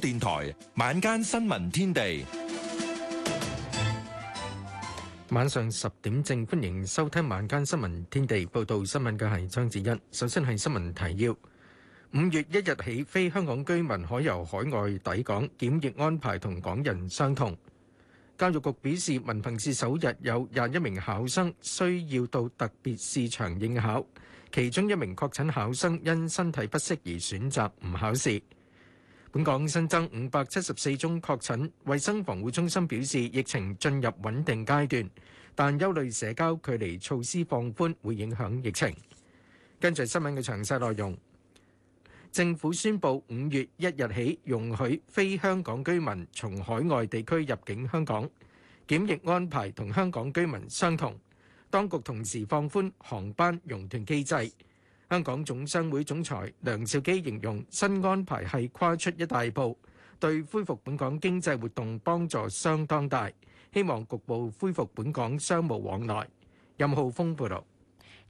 電台晚間新聞天地，晚上十點正，歡迎收聽晚間新聞天地。報道新聞嘅係張子欣。首先係新聞提要：五月一日起，非香港居民可由海外抵港檢疫安排同港人相同。教育局表示，文憑試首日有廿一名考生需要到特別試場應考，其中一名確診考生因身體不適而選擇唔考試。本港新增五百七十四宗確診，衛生防護中心表示疫情進入穩定階段，但憂慮社交距離措施放寬會影響疫情。跟住新聞嘅詳細內容，政府宣布五月一日起容許非香港居民從海外地區入境香港，檢疫安排同香港居民相同。當局同時放寬航班熔斷機制。香港總商會總裁梁兆基形容新安排係跨出一大步，對恢復本港經濟活動幫助相當大，希望局部恢復本港商務往來。任浩峰報道，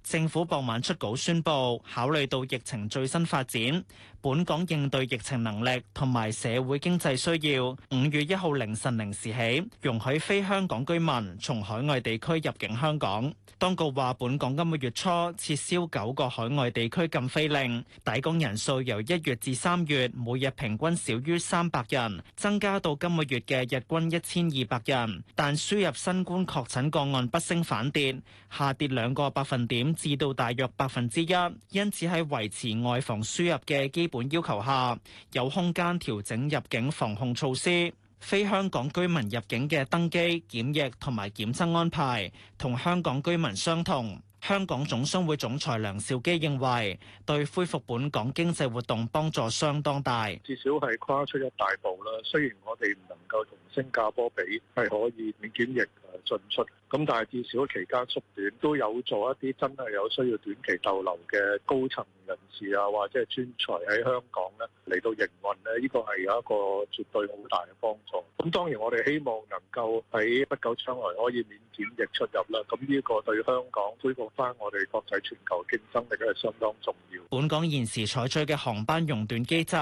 政府傍晚出稿宣布，考慮到疫情最新發展，本港應對疫情能力同埋社會經濟需要，五月一號凌晨零時起容許非香港居民從海外地區入境香港。當局話，本港今個月初撤銷九個海外地區禁飛令，抵港人數由一月至三月每日平均少於三百人，增加到今個月嘅日均一千二百人。但輸入新冠確診個案不升反跌，下跌兩個百分點至到大約百分之一，因此喺維持外防輸入嘅基本本要求下，有空間調整入境防控措施。非香港居民入境嘅登機檢疫同埋檢測安排，同香港居民相同。香港總商會總裁梁兆基認為，對恢復本港經濟活動幫助相當大，至少係跨出一大步啦。雖然我哋唔能夠同新加坡比，係可以免檢疫誒進出。咁但係至少期間縮短，都有做一啲真係有需要短期逗留嘅高層人士啊，或者係專才喺香港咧，嚟到營運咧，呢、呢個係有一個絕對好大嘅幫助。咁當然我哋希望能夠喺不久將來可以免檢疫出入啦。咁、呢、呢個對香港恢復翻我哋國際全球競爭力都係相當重要。本港現時採取嘅航班熔斷機制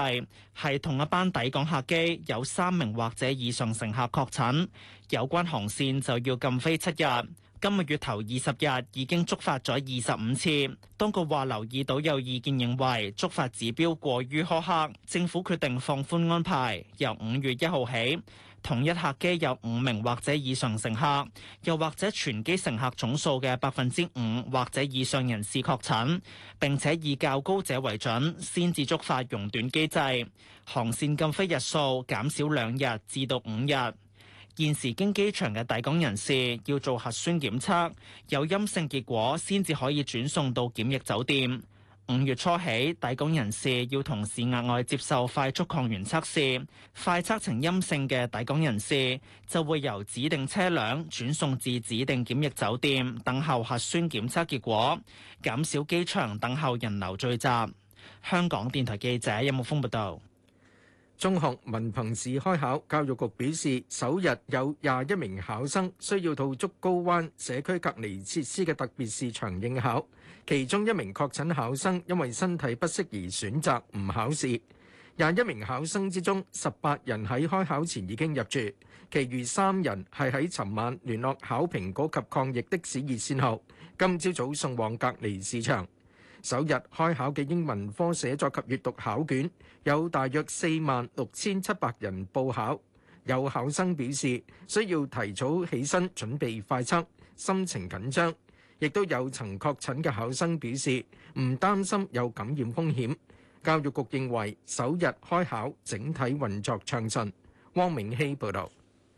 係同一班抵港客機有三名或者以上乘客確診。有關航線就要禁飛七日。今個月頭二十日已經觸發咗二十五次。當局話留意到有意見認為觸發指標過於苛刻，政府決定放寬安排，由五月一號起，同一客機有五名或者以上乘客，又或者全機乘客總數嘅百分之五或者以上人士確診，並且以較高者為準，先至觸發熔斷機制。航線禁飛日數減少兩日至到五日。現時經機場嘅抵港人士要做核酸檢測，有陰性結果先至可以轉送到檢疫酒店。五月初起，抵港人士要同時額外接受快速抗原測試，快測呈陰性嘅抵港人士就會由指定車輛轉送至指定檢疫酒店等候核酸檢測結果，減少機場等候人流聚集。香港電台記者任木風報道。中學文憑試開考，教育局表示首日有廿一名考生需要到竹篙灣社區隔離設施嘅特別試場應考，其中一名確診考生因為身體不適而選擇唔考試。廿一名考生之中，十八人喺開考前已經入住，其餘三人係喺尋晚聯絡考評局及抗疫的士熱線後，今朝早送往隔離試場。首日開考嘅英文科寫作及閱讀考卷有大約四萬六千七百人報考，有考生表示需要提早起身準備快測，心情緊張；亦都有曾確診嘅考生表示唔擔心有感染風險。教育局認為首日開考整體運作暢順。汪明熙報道。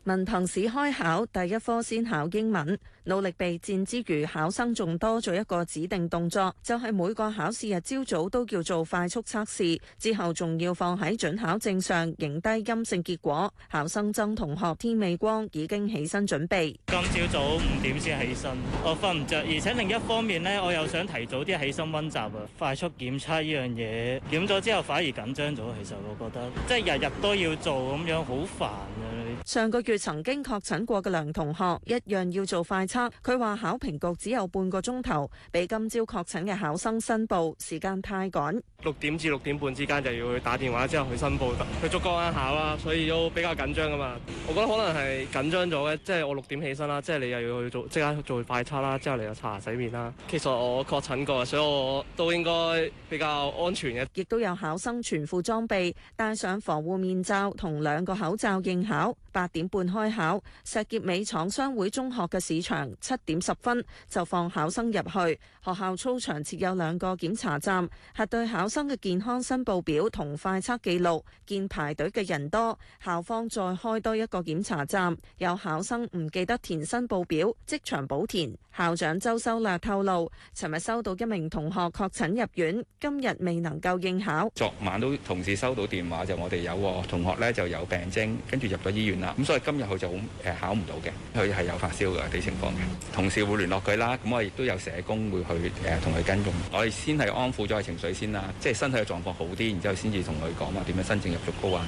文憑試開考，第一科先考英文。努力備戰之餘，考生仲多咗一個指定動作，就係每個考試日朝早都叫做快速測試，之後仲要放喺准考證上影低陰性結果。考生曾同學天未光已經起身準備。今朝早五點先起身，我瞓唔着，而且另一方面呢，我又想提早啲起身溫習啊。快速檢測呢樣嘢檢咗之後反而緊張咗，其實我覺得即係日日都要做咁樣，好煩啊！你上個月。曾經確診過嘅梁同學一樣要做快測。佢話考評局只有半個鐘頭，俾今朝確診嘅考生申報時間，時間太趕。六點至六點半之間就要去打電話，之後去申報。去竹篙灣考啦，所以都比較緊張噶嘛。我覺得可能係緊張咗嘅，即係我六點起身啦，即係你又要去做即刻做快測啦，之後嚟又刷牙洗面啦。其實我確診過，所以我都應該比較安全嘅。亦都有考生全副裝備，戴上防護面罩同兩個口罩應考。八點半。開考，石硤尾廠商會中學嘅市場，七點十分就放考生入去。學校操場設有兩個檢查站，核對考生嘅健康申報表同快測記錄。見排隊嘅人多，校方再開多一個檢查站。有考生唔記得填申報表，即場補填。校長周修略透露，尋日收到一名同學確診入院，今日未能夠應考。昨晚都同事收到電話，就我哋有我同學呢就有病徵，跟住入咗醫院啦。今日佢就誒考唔到嘅，佢係有發燒嘅啲情況嘅。同事會聯絡佢啦，咁我亦都有社工會去誒同佢跟蹤。我哋先係安撫咗佢情緒先啦，即係身體嘅狀況好啲，然之後先至同佢講話點樣申請入讀高啊。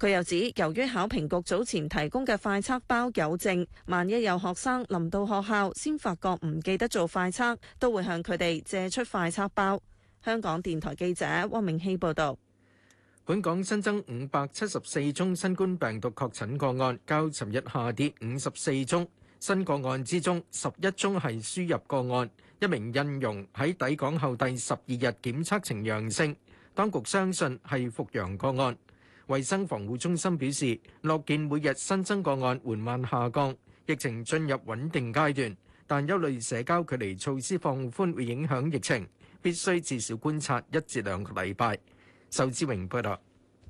佢又指，由於考評局早前提供嘅快測包有剩，萬一有學生臨到學校先發覺唔記得做快測，都會向佢哋借出快測包。香港電台記者汪明希報道。本港新增五百七十四宗新冠病毒確診個案，較尋日下跌五十四宗。新個案之中，十一宗係輸入個案，一名印傭喺抵港後第十二日檢測呈陽性，當局相信係復陽個案。衞生防護中心表示，樂見每日新增個案緩慢下降，疫情進入穩定階段，但憂慮社交距離措施放寬會影響疫情，必須至少觀察一至兩個禮拜。仇志榮報道。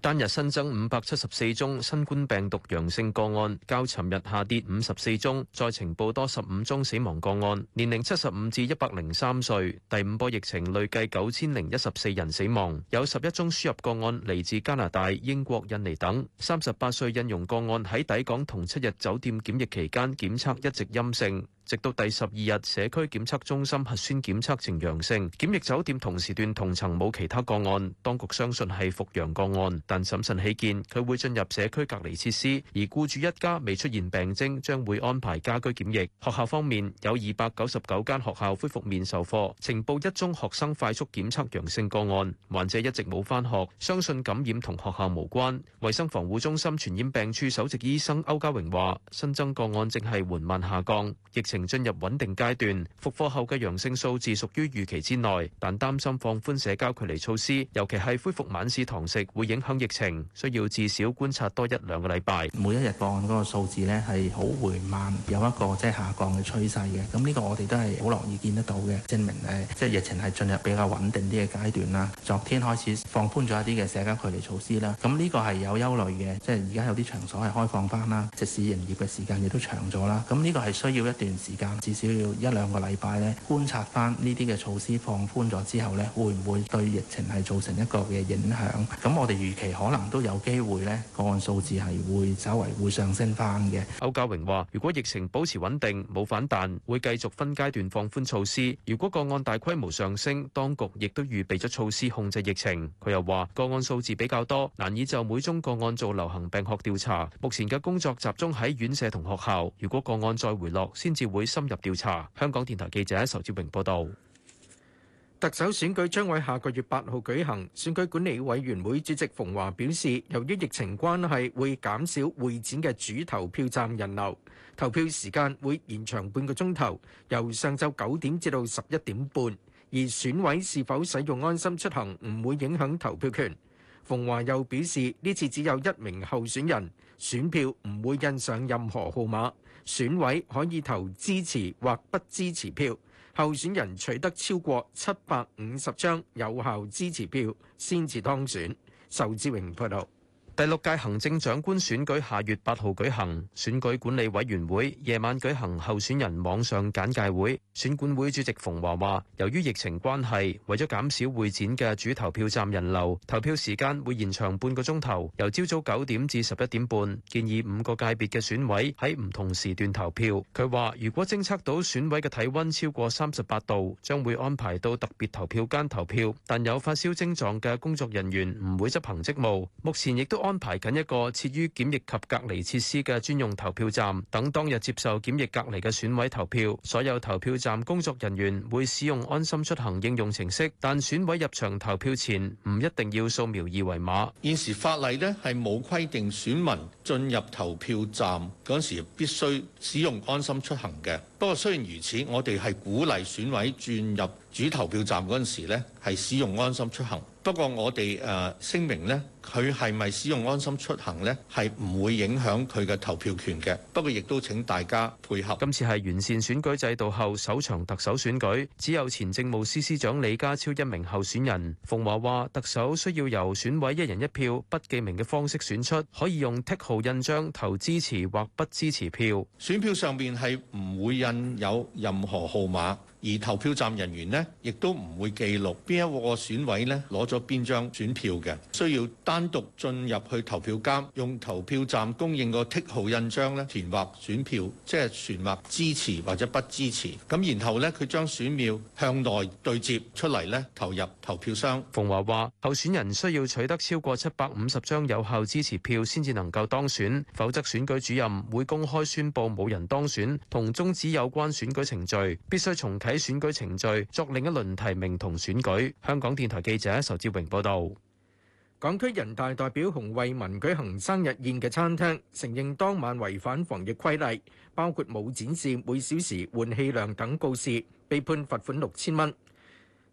單日新增五百七十四宗新冠病毒陽性個案，較尋日下跌五十四宗。再呈報多十五宗死亡個案，年齡七十五至一百零三歲，第五波疫情累計九千零一十四人死亡，有十一宗輸入個案嚟自加拿大、英國、印尼等。三十八歲印佣個案喺抵港同七日酒店檢疫期間檢測一直陰性。直到第十二日，社區檢測中心核酸檢測呈陽性，檢疫酒店同時段同層冇其他個案，當局相信係復陽個案，但審慎起見，佢會進入社區隔離設施。而僱主一家未出現病徵，將會安排家居檢疫。學校方面，有二百九十九間學校恢復面授課，呈報一中學生快速檢測陽性個案，患者一直冇返學，相信感染同學校無關。衛生防護中心傳染病處首席醫生歐家榮話：新增個案正係緩慢下降，疫。疫情進入穩定階段，復課後嘅陽性數字屬於預期之內，但擔心放寬社交距離措施，尤其係恢復晚市堂食會影響疫情，需要至少觀察多一兩個禮拜。每一日個案嗰個數字呢係好緩慢，有一個即係下降嘅趨勢嘅。咁呢個我哋都係好樂意見得到嘅，證明誒即係疫情係進入比較穩定啲嘅階段啦。昨天開始放寬咗一啲嘅社交距離措施啦，咁呢個係有憂慮嘅，即係而家有啲場所係開放翻啦，食肆營業嘅時間亦都長咗啦。咁呢個係需要一段，時間至少要一兩個禮拜咧，觀察翻呢啲嘅措施放寬咗之後呢，會唔會對疫情係造成一個嘅影響？咁我哋預期可能都有機會呢，個案數字係會稍為會上升翻嘅。歐家榮話，如果疫情保持穩定，冇反彈，會繼續分階段放寬措施。如果個案大規模上升，當局亦都預備咗措施控制疫情。佢又話，個案數字比較多，難以就每宗個案做流行病學調查。目前嘅工作集中喺院舍同學校。如果個案再回落，先至。會深入調查。香港電台記者仇志榮報道，特首選舉將會下個月八號舉行。選舉管理委員會主席馮華表示，由於疫情關係，會減少會展嘅主投票站人流，投票時間會延長半個鐘頭，由上晝九點至到十一點半。而選委是否使用安心出行，唔會影響投票權。馮華又表示，呢次只有一名候選人，選票唔會印上任何號碼。選委可以投支持或不支持票，候選人取得超過七百五十張有效支持票先至當選。仇志榮報道。第六屆行政長官選舉下月八號舉行，選舉管理委員會夜晚舉行候選人網上簡介會。選管會主席馮華話由於疫情關係，為咗減少會展嘅主投票站人流，投票時間會延長半個鐘頭，由朝早九點至十一點半，建議五個界別嘅選委喺唔同時段投票。佢話，如果偵測到選委嘅體溫超過三十八度，將會安排到特別投票間投票，但有發燒症狀嘅工作人員唔會執行職務。目前亦都安排緊一個設於檢疫及隔離設施嘅專用投票站，等當日接受檢疫隔離嘅選委投票。所有投票站工作人員會使用安心出行應用程式，但選委入場投票前唔一定要掃描二維碼。現時法例呢係冇規定選民進入投票站嗰時必須使用安心出行嘅。不過雖然如此，我哋係鼓勵選委轉入。主投票站嗰陣時咧，係使用安心出行。不過我哋誒聲明咧，佢係咪使用安心出行咧，係唔會影響佢嘅投票權嘅。不過亦都請大家配合。今次係完善選舉制度後首場特首選舉，只有前政務司司長李家超一名候選人。馮華話特首需要由選委一人一票不記名嘅方式選出，可以用剔號印章投支持或不支持票。選票上面係唔會印有任何號碼。而投票站人員呢，亦都唔會記錄邊一個選委呢攞咗邊張選票嘅，需要單獨進入去投票間，用投票站供應個剔號印章呢，填劃選票，即係選劃或支持或者不支持。咁然後呢，佢將選票向內對接出嚟呢，投入投票箱。馮華話：候選人需要取得超過七百五十張有效支持票先至能夠當選，否則選舉主任會公開宣布冇人當選，同終止有關選舉程序，必須重啟。喺選舉程序作另一輪提名同選舉。香港電台記者仇志榮報道，港區人大代表洪慧文舉行生日宴嘅餐廳，承認當晚違反防疫規例，包括冇展示每小時換氣量等告示，被判罰款六千蚊。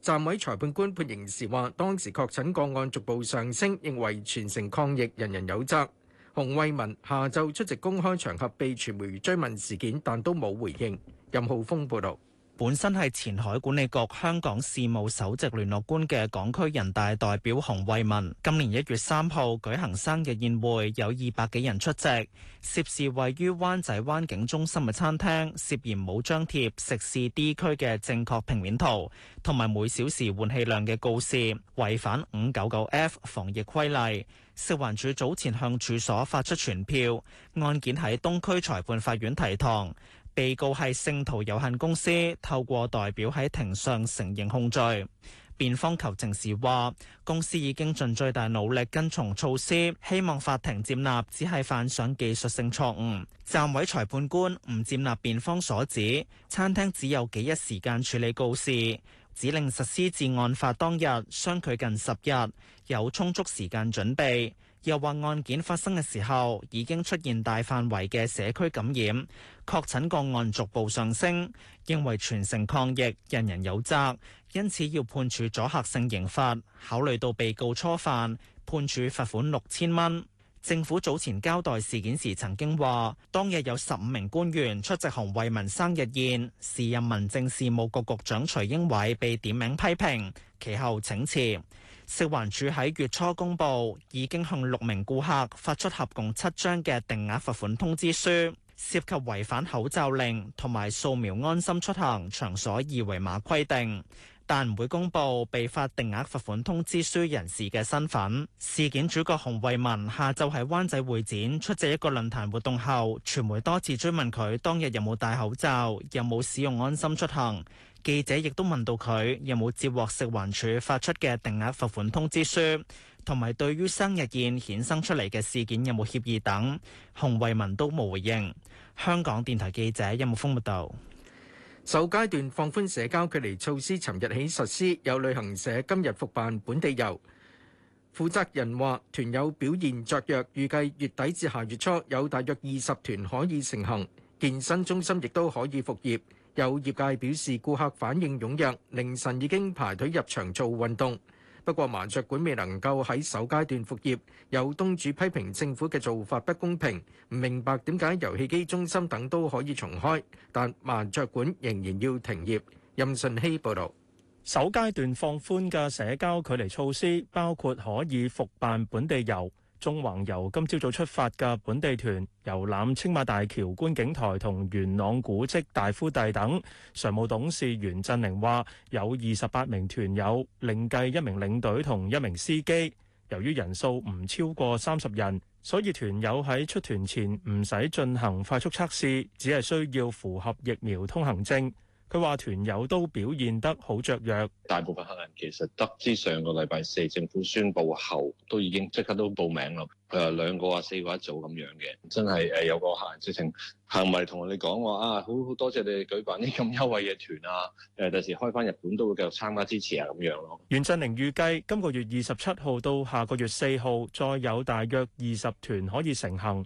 暫委裁判官判刑時話：當時確診個案逐步上升，認為全城抗疫人人有責。洪慧文下晝出席公開場合被傳媒追問事件，但都冇回應。任浩峯報道。本身係前海管理局香港事務首席聯絡官嘅港區人大代表洪慧文，今年一月三號舉行生日宴會，有二百幾人出席，涉事位於灣仔灣景中心嘅餐廳，涉嫌冇張貼食肆 D 區嘅正確平面圖同埋每小時換氣量嘅告示，違反五九九 F 防疫規例。食環署早前向處所發出傳票，案件喺東區裁判法院提堂。被告係聖徒有限公司，透過代表喺庭上承認控罪。辯方求情時話，公司已經盡最大努力跟從措施，希望法庭接納只係犯上技術性錯誤。暫委裁判官唔接納辯方所指，餐廳只有幾日時間處理告示，指令實施至案發當日相距近十日，有充足時間準備。又話案件發生嘅時候已經出現大範圍嘅社區感染，確診個案逐步上升，認為全城抗疫人人有責，因此要判處阻嚇性刑罰。考慮到被告初犯，判處罰款六千蚊。政府早前交代事件時曾經話，當日有十五名官員出席洪為民生日宴，時任民政事務局局長徐英偉被點名批評，其後請辭。食環署喺月初公布，已經向六名顧客發出合共七張嘅定額罰款通知書，涉及違反口罩令同埋掃描安心出行場所二維碼規定。但唔會公布被發定額罰款通知書人士嘅身份。事件主角洪為民下晝喺灣仔會展出席一個論壇活動後，傳媒多次追問佢當日有冇戴口罩，有冇使用安心出行。記者亦都問到佢有冇接獲食環署發出嘅定額罰款通知書，同埋對於生日宴衍生出嚟嘅事件有冇協議等，洪為民都冇回應。香港電台記者任木峯報道。首階段放寬社交距離措施，尋日起實施。有旅行社今日復辦本地遊，負責人話團友表現雀躍，預計月底至下月初有大約二十團可以成行。健身中心亦都可以復業，有業界表示顧客反應踊躍，凌晨已經排隊入場做運動。不過，麻雀館未能夠喺首階段復業，有東主批評政府嘅做法不公平，唔明白點解遊戲機中心等都可以重開，但麻雀館仍然要停業。任信希報導，首階段放寬嘅社交距離措施包括可以復辦本地遊。中環遊今朝早，早出發嘅本地團遊覽青馬大橋觀景台同元朗古蹟大夫第等，常務董事袁振寧話有二十八名團友，另計一名領隊同一名司機。由於人數唔超過三十人，所以團友喺出團前唔使進行快速測試，只係需要符合疫苗通行證。佢話團友都表現得好雀躍，大部分客人其實得知上個禮拜四政府宣佈後，都已經即刻都報名啦。誒兩個或四個一組咁樣嘅，真係誒有個客人直情行埋同我哋講話啊，好好多謝你哋舉辦呢咁優惠嘅團啊！誒、啊，到時開翻日本都會繼續參加支持啊咁樣咯。袁振寧預計今個月二十七號到下個月四號，再有大約二十團可以成行。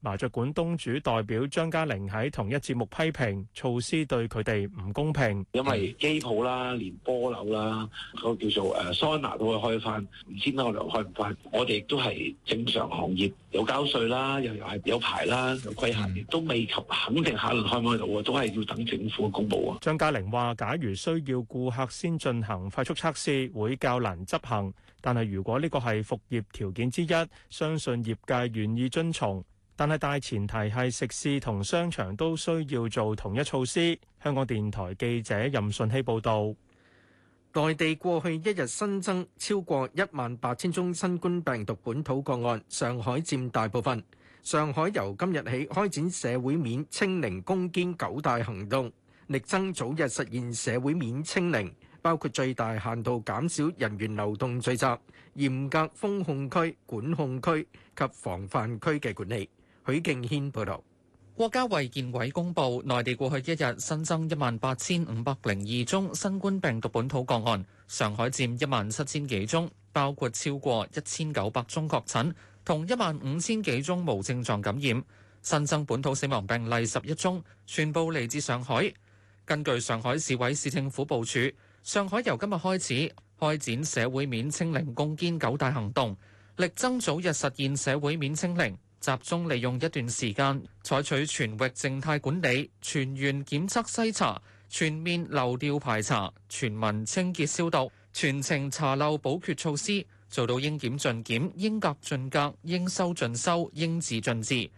麻雀館東主代表張嘉玲喺同一節目批評措施對佢哋唔公平，因為機鋪啦、連波樓啦，嗰個叫做誒桑拿都會開翻，唔知點解我哋開唔翻。我哋亦都係正常行業，有交稅啦，又又係有牌啦，有規限亦都未及肯定下輪開唔開到啊，都係要等政府嘅公布啊。張嘉玲話：假如需要顧客先進行快速測試，會較難執行，但係如果呢個係復業條件之一，相信業界願意遵從。但係，大前提係食肆同商場都需要做同一措施。香港電台記者任順希報導，內地過去一日新增超過一萬八千宗新冠病毒本土個案，上海佔大部分。上海由今日起開展社會面清零攻堅九大行動，力爭早日實現社會面清零，包括最大限度減少人員流動聚集、嚴格封控區、管控區及防範區嘅管理。許敬軒報道，國家衛健委公布，內地過去一日新增一萬八千五百零二宗新冠病毒本土個案，上海佔一萬七千幾宗，包括超過一千九百宗確診，同一萬五千幾宗無症狀感染，新增本土死亡病例十一宗，全部嚟自上海。根據上海市委市政府部署，上海由今日開始開展社會面清零、攻堅九大行動，力爭早日實現社會面清零。集中利用一段時間，採取全域靜態管理、全員檢測篩查、全面流調排查、全民清潔消毒、全程查漏補缺措施，做到應檢盡檢、應隔盡隔、應收盡收、應治盡治。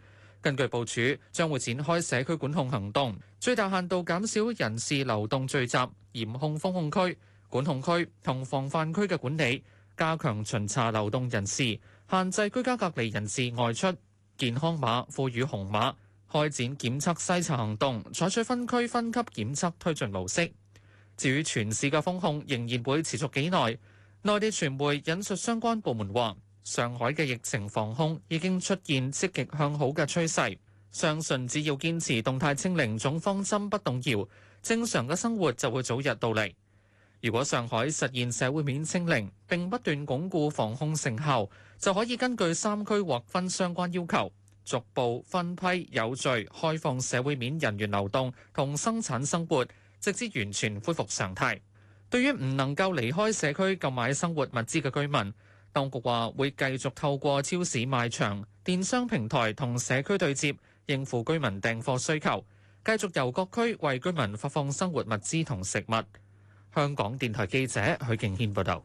根據部署，將會展開社區管控行動，最大限度減少人士流動聚集，嚴控封控區、管控區同防範區嘅管理，加強巡查流動人士，限制居家隔離人士外出。健康碼賦予紅碼，開展檢測篩查行動，採取分區分級檢測推進模式。至於全市嘅封控仍然會持續幾耐？內地傳媒引述相關部門話：上海嘅疫情防控已經出現積極向好嘅趨勢，相信只要堅持動態清零總方針不動搖，正常嘅生活就會早日到嚟。如果上海實現社會面清零並不斷鞏固防控成效，就可以根據三區劃分相關要求，逐步分批有序開放社會面人員流動同生產生活，直至完全恢復常態。對於唔能夠離開社區購買生活物資嘅居民，當局話會繼續透過超市賣場、電商平台同社區對接，應付居民訂貨需求，繼續由各區為居民發放生活物資同食物。香港電台記者許敬軒報道。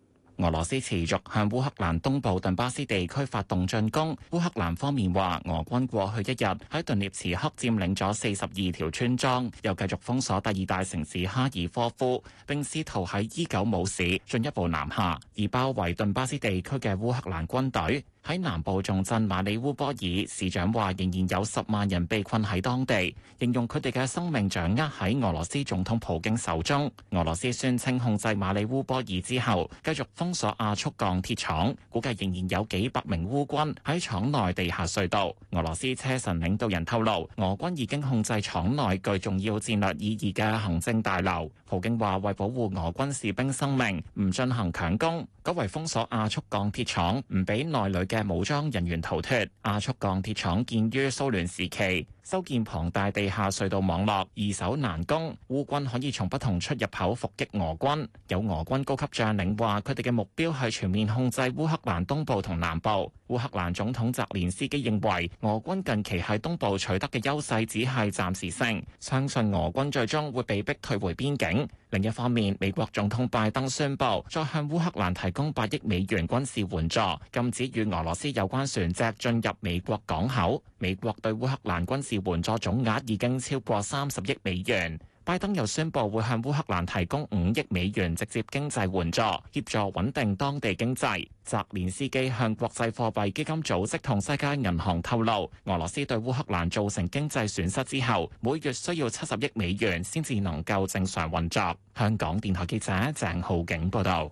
俄羅斯持續向烏克蘭東部頓巴斯地區發動進攻，烏克蘭方面話，俄軍過去一日喺頓涅茨克佔領咗四十二條村莊，又繼續封鎖第二大城市哈爾科夫，並試圖喺伊久姆市進一步南下，而包圍頓巴斯地區嘅烏克蘭軍隊。喺南部重鎮馬里烏波爾，市長話仍然有十萬人被困喺當地，形容佢哋嘅生命掌握喺俄羅斯總統普京手中。俄羅斯宣稱控制馬里烏波爾之後，繼續封鎖亞速鋼鐵廠，估計仍然有幾百名烏軍喺廠內地下隧道。俄羅斯車臣領導人透露，俄軍已經控制廠內具重要戰略意義嘅行政大樓。普京話為保護俄軍士兵生命，唔進行強攻，改為封鎖亞速鋼鐵廠，唔俾內裏嘅武裝人員逃脫，亞速鋼鐵廠建於蘇聯時期。修建龐大地下隧道網絡，易守難攻。烏軍可以從不同出入口伏擊俄軍，有俄軍高級將領話，佢哋嘅目標係全面控制烏克蘭東部同南部。烏克蘭總統澤連斯基認為，俄軍近期喺東部取得嘅優勢只係暫時性，相信俄軍最終會被逼退回邊境。另一方面，美國總統拜登宣布，再向烏克蘭提供八億美元軍事援助，禁止與俄羅斯有關船隻進入美國港口。美國對烏克蘭軍事。是援助總額已經超過三十億美元。拜登又宣布會向烏克蘭提供五億美元直接經濟援助，協助穩定當地經濟。澤連斯基向國際貨幣基金組織同世界銀行透露，俄羅斯對烏克蘭造成經濟損失之後，每月需要七十億美元先至能夠正常運作。香港電台記者鄭浩景報道。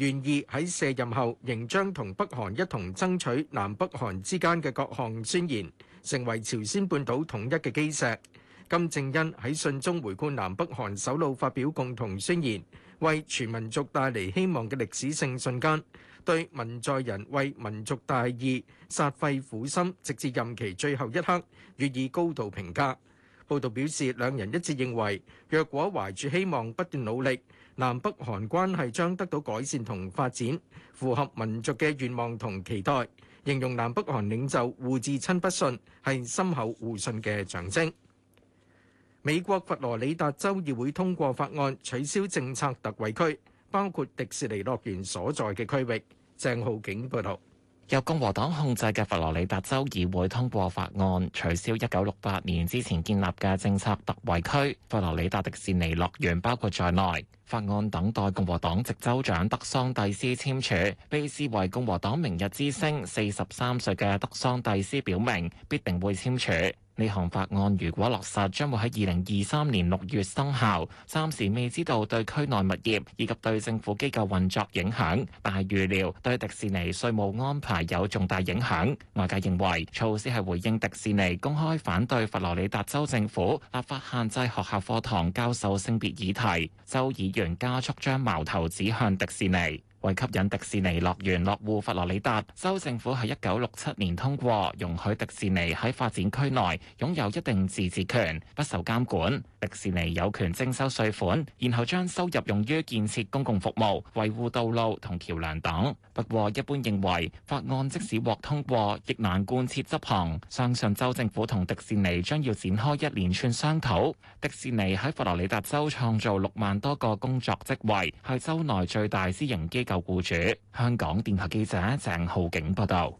願意喺卸任後，仍將同北韓一同爭取南北韓之間的各項宣言，成為朝鮮半島統一的基石。金正恩喺信中回顧南北韓首腦發表共同宣言，為全民族帶嚟希望的歷史性瞬間，對文在寅為民族大義、煞費苦心，直至任期最後一刻，願意高度評價。報道表示，兩人一致認為，若果懷住希望不斷努力，南北韓關係將得到改善同發展，符合民族嘅願望同期待。形容南北韓領袖互致親筆信，係深厚互信嘅象徵。美國佛羅里達州議會通過法案，取消政策特惠區，包括迪士尼樂園所在嘅區域。鄭浩景報導。由共和黨控制嘅佛羅里達州議會通過法案，取消一九六八年之前建立嘅政策特惠區，佛羅里達迪士尼樂園包括在內。法案等待共和黨籍州長德桑蒂斯簽署，被視為共和黨明日之星、四十三歲嘅德桑蒂斯表明必定會簽署。呢項法案如果落實，將會喺二零二三年六月生效。暫時未知道對區內物業以及對政府機構運作影響，但係預料對迪士尼稅務安排有重大影響。外界認為措施係回應迪士尼公開反對佛羅里達州政府立法限制學校課堂教授性別議題，州議員加速將矛頭指向迪士尼。為吸引迪士尼樂園落戶佛羅里達，州政府喺一九六七年通過容許迪士尼喺發展區內擁有一定自治權，不受監管。迪士尼有權徵收稅款，然後將收入用於建設公共服務、維護道路同橋梁等。不過，一般認為法案即使獲通過，亦難貫徹執行。相信州政府同迪士尼將要展開一連串商討。迪士尼喺佛羅里達州創造六萬多個工作職位，係州內最大私營機構。舊僱主，香港電台記者鄭浩景報道。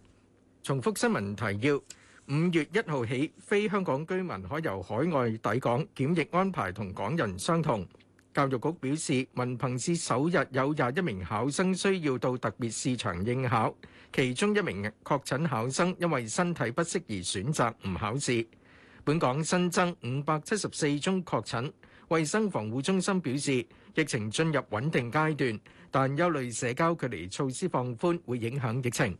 重複新聞提要：五月一號起，非香港居民可由海外抵港檢疫安排同港人相同。教育局表示，文憑試首日有廿一名考生需要到特別試場應考，其中一名確診考生因為身體不適而選擇唔考試。本港新增五百七十四宗確診，衛生防護中心表示，疫情進入穩定階段。但憂慮社交距離措施放寬會影響疫情。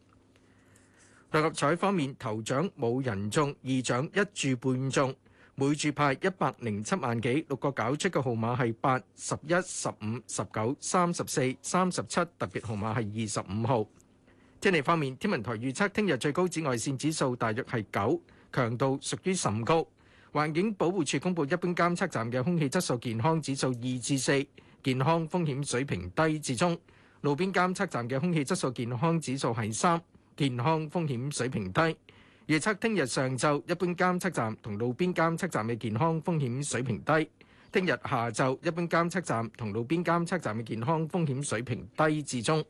六合彩方面，頭獎冇人中，二獎一注半中，每注派一百零七萬幾。六個攪出嘅號碼係八、十一、十五、十九、三十四、三十七，特別號碼係二十五號。天氣方面，天文台預測聽日最高紫外線指數大約係九，強度屬於甚高。環境保護署公布一般監測站嘅空氣質素健康指數二至四。健康風險水平低至中，路邊監測站嘅空氣質素健康指數係三，健康風險水平低。預測聽日上晝一般監測站同路邊監測站嘅健康風險水平低。聽日下晝一般監測站同路邊監測站嘅健康風險水平低至中。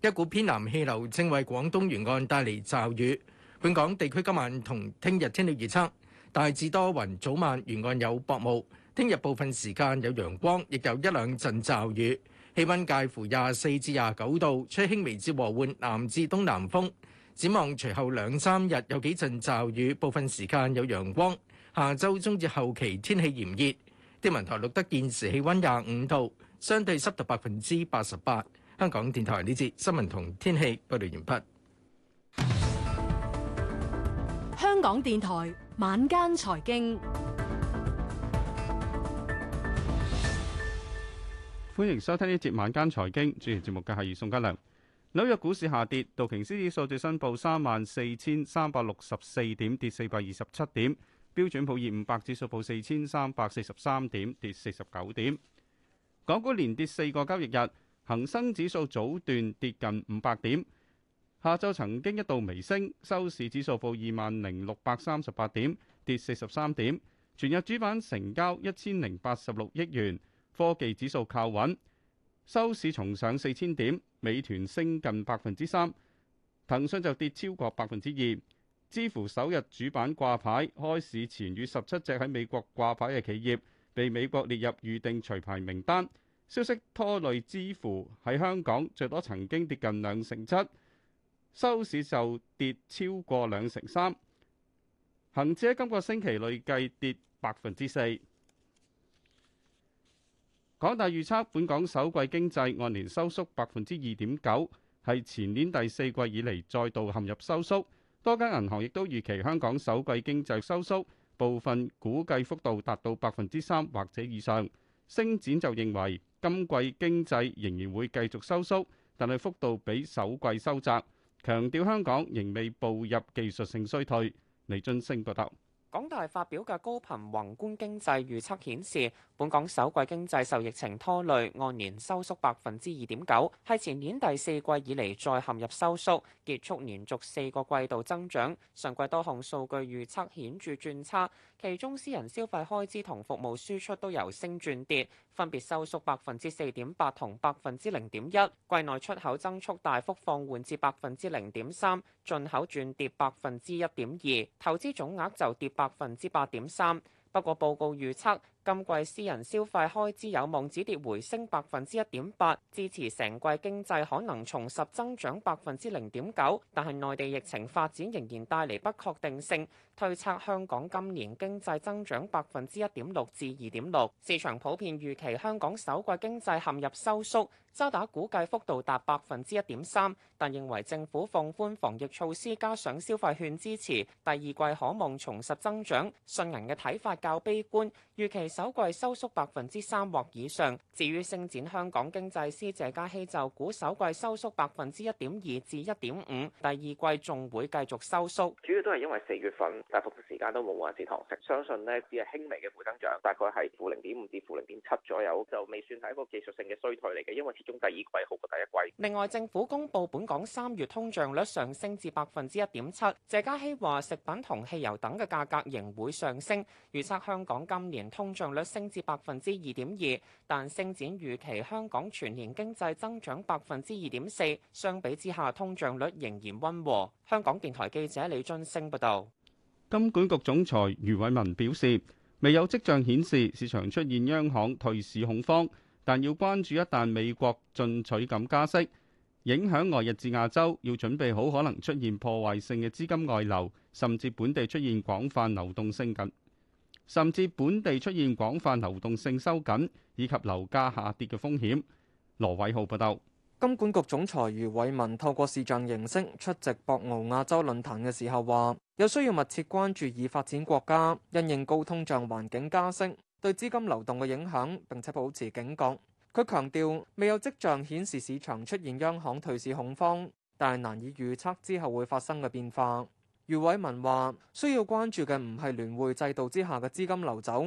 一股偏南氣流正為廣東沿岸帶嚟驟雨，本港地區今晚同聽日天氣預測大致多雲，早晚沿岸有薄霧。聽日部分時間有陽光，亦有一兩陣驟雨，氣溫介乎廿四至廿九度，吹輕微至和緩，南至東南風。展望隨後兩三日有幾陣驟雨，部分時間有陽光。下周中至後期天氣炎熱。天文台錄得現時氣溫廿五度，相對濕度百分之八十八。香港電台呢節新聞同天氣報道完畢。香港電台晚間財經。歡迎收聽一節晚間財經，主持節目嘅係宋家良。紐約股市下跌，道瓊斯指數最新報三萬四千三百六十四點，跌四百二十七點；標準普爾五百指數報四千三百四十三點，跌四十九點。港股連跌四個交易日，恒生指數早段跌近五百點，下晝曾經一度微升，收市指數報二萬零六百三十八點，跌四十三點。全日主板成交一千零八十六億元。科技指數靠穩，收市重上四千點。美團升近百分之三，騰訊就跌超過百分之二。知乎首日主板掛牌，開市前與十七隻喺美國掛牌嘅企業被美國列入預定除牌名單，消息拖累知乎喺香港最多曾經跌近兩成七，收市就跌超過兩成三。恆指喺今個星期累計跌百分之四。港大預測本港首季經濟按年收縮百分之二點九，係前年第四季以嚟再度陷入收縮。多間銀行亦都預期香港首季經濟收縮，部分估計幅度達到百分之三或者以上。星展就認為今季經濟仍然會繼續收縮，但係幅度比首季收窄，強調香港仍未步入技術性衰退。李俊升報道。港大發表嘅高頻宏觀經濟預測顯示，本港首季經濟受疫情拖累，按年收縮百分之二點九，係前年第四季以嚟再陷入收縮，結束連續四個季度增長。上季多項數據預測顯著轉差。其中私人消費開支同服務輸出都由升轉跌，分別收縮百分之四點八同百分之零點一。季內出口增速大幅放緩至百分之零點三，進口轉跌百分之一點二。投資總額就跌百分之八點三。不過報告預測今季私人消費開支有望止跌回升百分之一點八，支持成季經濟可能重拾增長百分之零點九。但係內地疫情發展仍然帶嚟不確定性。推測香港今年經濟增長百分之一點六至二點六，市場普遍預期香港首季經濟陷入收縮，渣打估計幅度達百分之一點三，但認為政府放寬防疫措施，加上消費券支持，第二季可望重拾增長，信銀嘅睇法較悲觀，預期首季收縮百分之三或以上。至於星展香港經濟師謝嘉希就估首季收縮百分之一點二至一點五，第二季仲會繼續收縮，主要都係因為四月份。大幅復復時間都冇還是堂食，相信呢只係輕微嘅負增長，大概係負零點五至負零點七左右，就未算係一個技術性嘅衰退嚟嘅，因為始終第二季好過第一季。另外，政府公布本港三月通脹率上升至百分之一點七，謝嘉希話：食品同汽油等嘅價格仍會上升，預測香港今年通脹率升至百分之二點二，但星展預期香港全年經濟增長百分之二點四。相比之下，通脹率仍然溫和。香港電台記者李俊升報道。金管局總裁余偉文表示，未有跡象顯示市場出現央行退市恐慌，但要關注一旦美國進取咁加息，影響外日至亞洲，要準備好可能出現破壞性嘅資金外流，甚至本地出現廣泛流動性緊，甚至本地出現廣泛流動性收緊以及樓價下跌嘅風險。羅偉浩報道。金管局總裁余偉文透過視像形式出席博鰲亞洲論壇嘅時候話，有需要密切關注已發展國家因應高通脹環境加息對資金流動嘅影響，並且保持警覺。佢強調，未有跡象顯示市場出現央行退市恐慌，但係難以預測之後會發生嘅變化。余偉文話，需要關注嘅唔係聯匯制度之下嘅資金流走。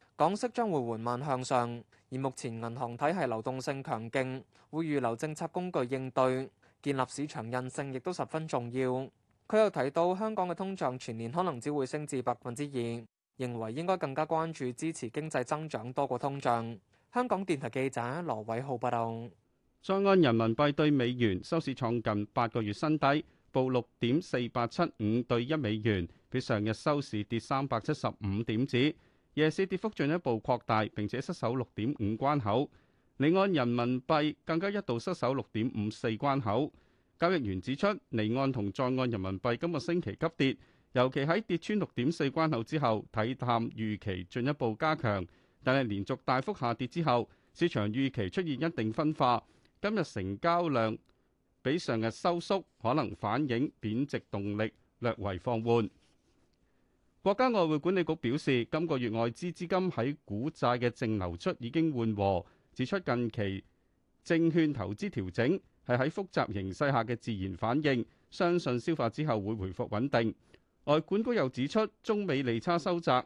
港息將會緩慢向上，而目前銀行體系流動性強勁，會預留政策工具應對。建立市場韌性亦都十分重要。佢又提到，香港嘅通脹全年可能只會升至百分之二，認為應該更加關注支持經濟增長多過通脹。香港電台記者羅偉浩報道。在岸人民幣對美元收市創近八個月新低，報六點四八七五對一美元，比上日收市跌三百七十五點子。夜市跌幅進一步擴大，並且失守六點五關口。離岸人民幣更加一度失守六點五四關口。交易員指出，離岸同在岸人民幣今個星期急跌，尤其喺跌穿六點四關口之後，睇淡預期進一步加強。但係連續大幅下跌之後，市場預期出現一定分化。今日成交量比上日收縮，可能反映貶值動力略為放緩。國家外匯管理局表示，今個月外資資金喺股債嘅淨流出已經緩和，指出近期證券投資調整係喺複雜形勢下嘅自然反應，相信消化之後會回復穩定。外管局又指出，中美利差收窄，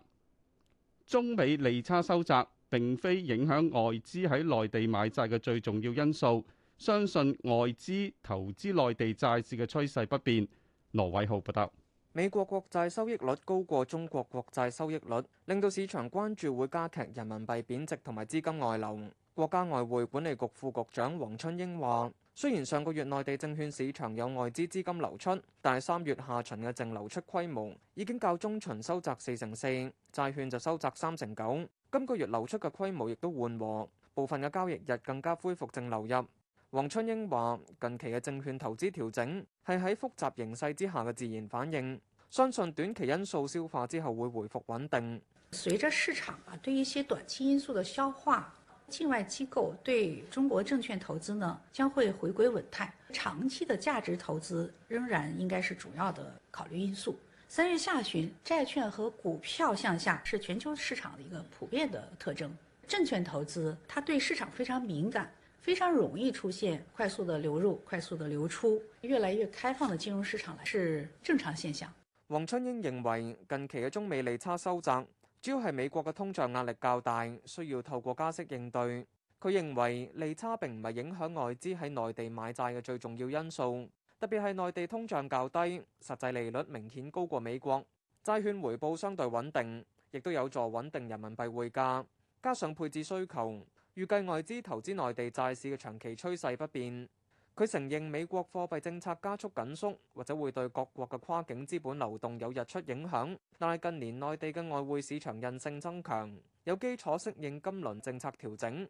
中美利差收窄並非影響外資喺內地買債嘅最重要因素，相信外資投資內地債市嘅趨勢不變。羅偉浩報道。美國國債收益率高過中國國債收益率，令到市場關注會加劇人民幣貶值同埋資金外流。國家外匯管理局副局長黃春英話，雖然上個月內地證券市場有外資資金流出，但係三月下旬嘅淨流出規模已經較中旬收窄四成四，債券就收窄三成九。今個月流出嘅規模亦都緩和，部分嘅交易日更加恢復淨流入。黃春英話：近期嘅證券投資調整係喺複雜形勢之下嘅自然反應，相信短期因素消化之後會回復穩定。隨着市場啊對一些短期因素的消化，境外機構對中國證券投資呢將會回歸穩態，長期的價值投資仍然應該是主要的考慮因素。三月下旬債券和股票向下是全球市場的一個普遍的特徵，證券投資它對市場非常敏感。非常容易出現快速的流入、快速的流出，越來越開放的金融市場，係正常現象。王春英認為近期嘅中美利差收窄，主要係美國嘅通脹壓力較大，需要透過加息應對。佢認為利差並唔係影響外資喺內地買債嘅最重要因素，特別係內地通脹較低，實際利率明顯高過美國，債券回報相對穩定，亦都有助穩定人民幣匯價，加上配置需求。預計外資投資內地債市嘅長期趨勢不變。佢承認美國貨幣政策加速緊縮，或者會對各國嘅跨境資本流動有溢出影響。但係近年內地嘅外匯市場韌性增強，有基礎適應今輪政策調整。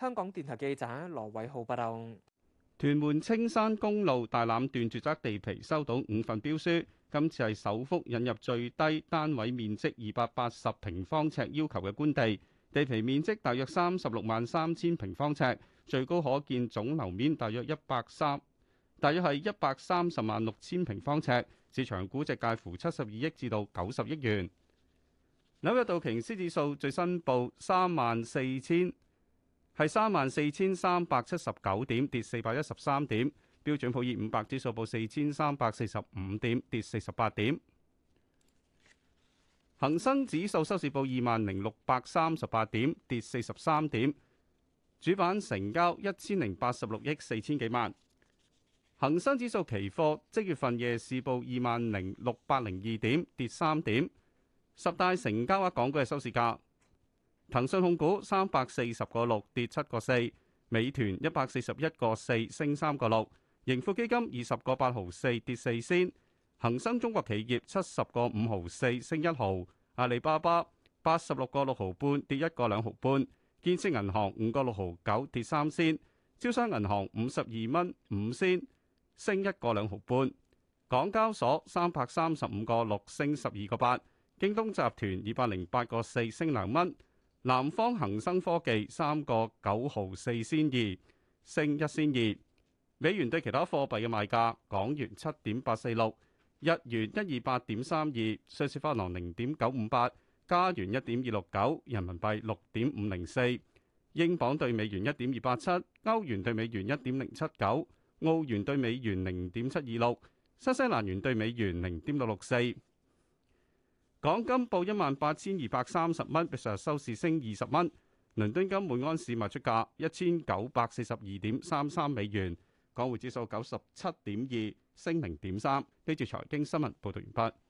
香港電台記者羅偉浩報道。屯門青山公路大欖段住宅地皮收到五份標書，今次係首幅引入最低單位面積二百八十平方尺要求嘅官地。地皮面積大約三十六萬三千平方尺，最高可建總樓面大約一百三，大約係一百三十萬六千平方尺，市場估值介乎七十二億至到九十億元。紐約道瓊斯指數最新報三萬四千，係三萬四千三百七十九點，跌四百一十三點。標準普爾五百指數報四千三百四十五點，跌四十八點。恒生指數收市報二萬零六百三十八點，跌四十三點。主板成交一千零八十六億四千幾萬。恒生指數期貨即月份夜市報二萬零六百零二點，跌三點。十大成交額港股嘅收市價：騰訊控股三百四十個六，跌七個四；美團一百四十一個四，升三個六；盈富基金二十個八毫四，跌四仙。恒生中國企業七十個五毫四升一毫，阿里巴巴八十六個六毫半跌一個兩毫半，建設銀行五個六毫九跌三仙，招商銀行五十二蚊五仙升一個兩毫半，港交所三百三十五個六升十二個八，京東集團二百零八個四升兩蚊，南方恒生科技三個九毫四仙二升一仙二，美元對其他貨幣嘅賣價，港元七點八四六。日元一二八點三二，瑞士法郎零點九五八，加元一點二六九，人民幣六點五零四，英鎊兌美元一點二八七，歐元兌美元一點零七九，澳元兌美元零點七二六，新西蘭元兌美元零點六六四。港金報一萬八千二百三十蚊，比上日收市升二十蚊。倫敦金每安士賣出價一千九百四十二點三三美元，港匯指數九十七點二。升零點三，呢段財經新聞報道完畢。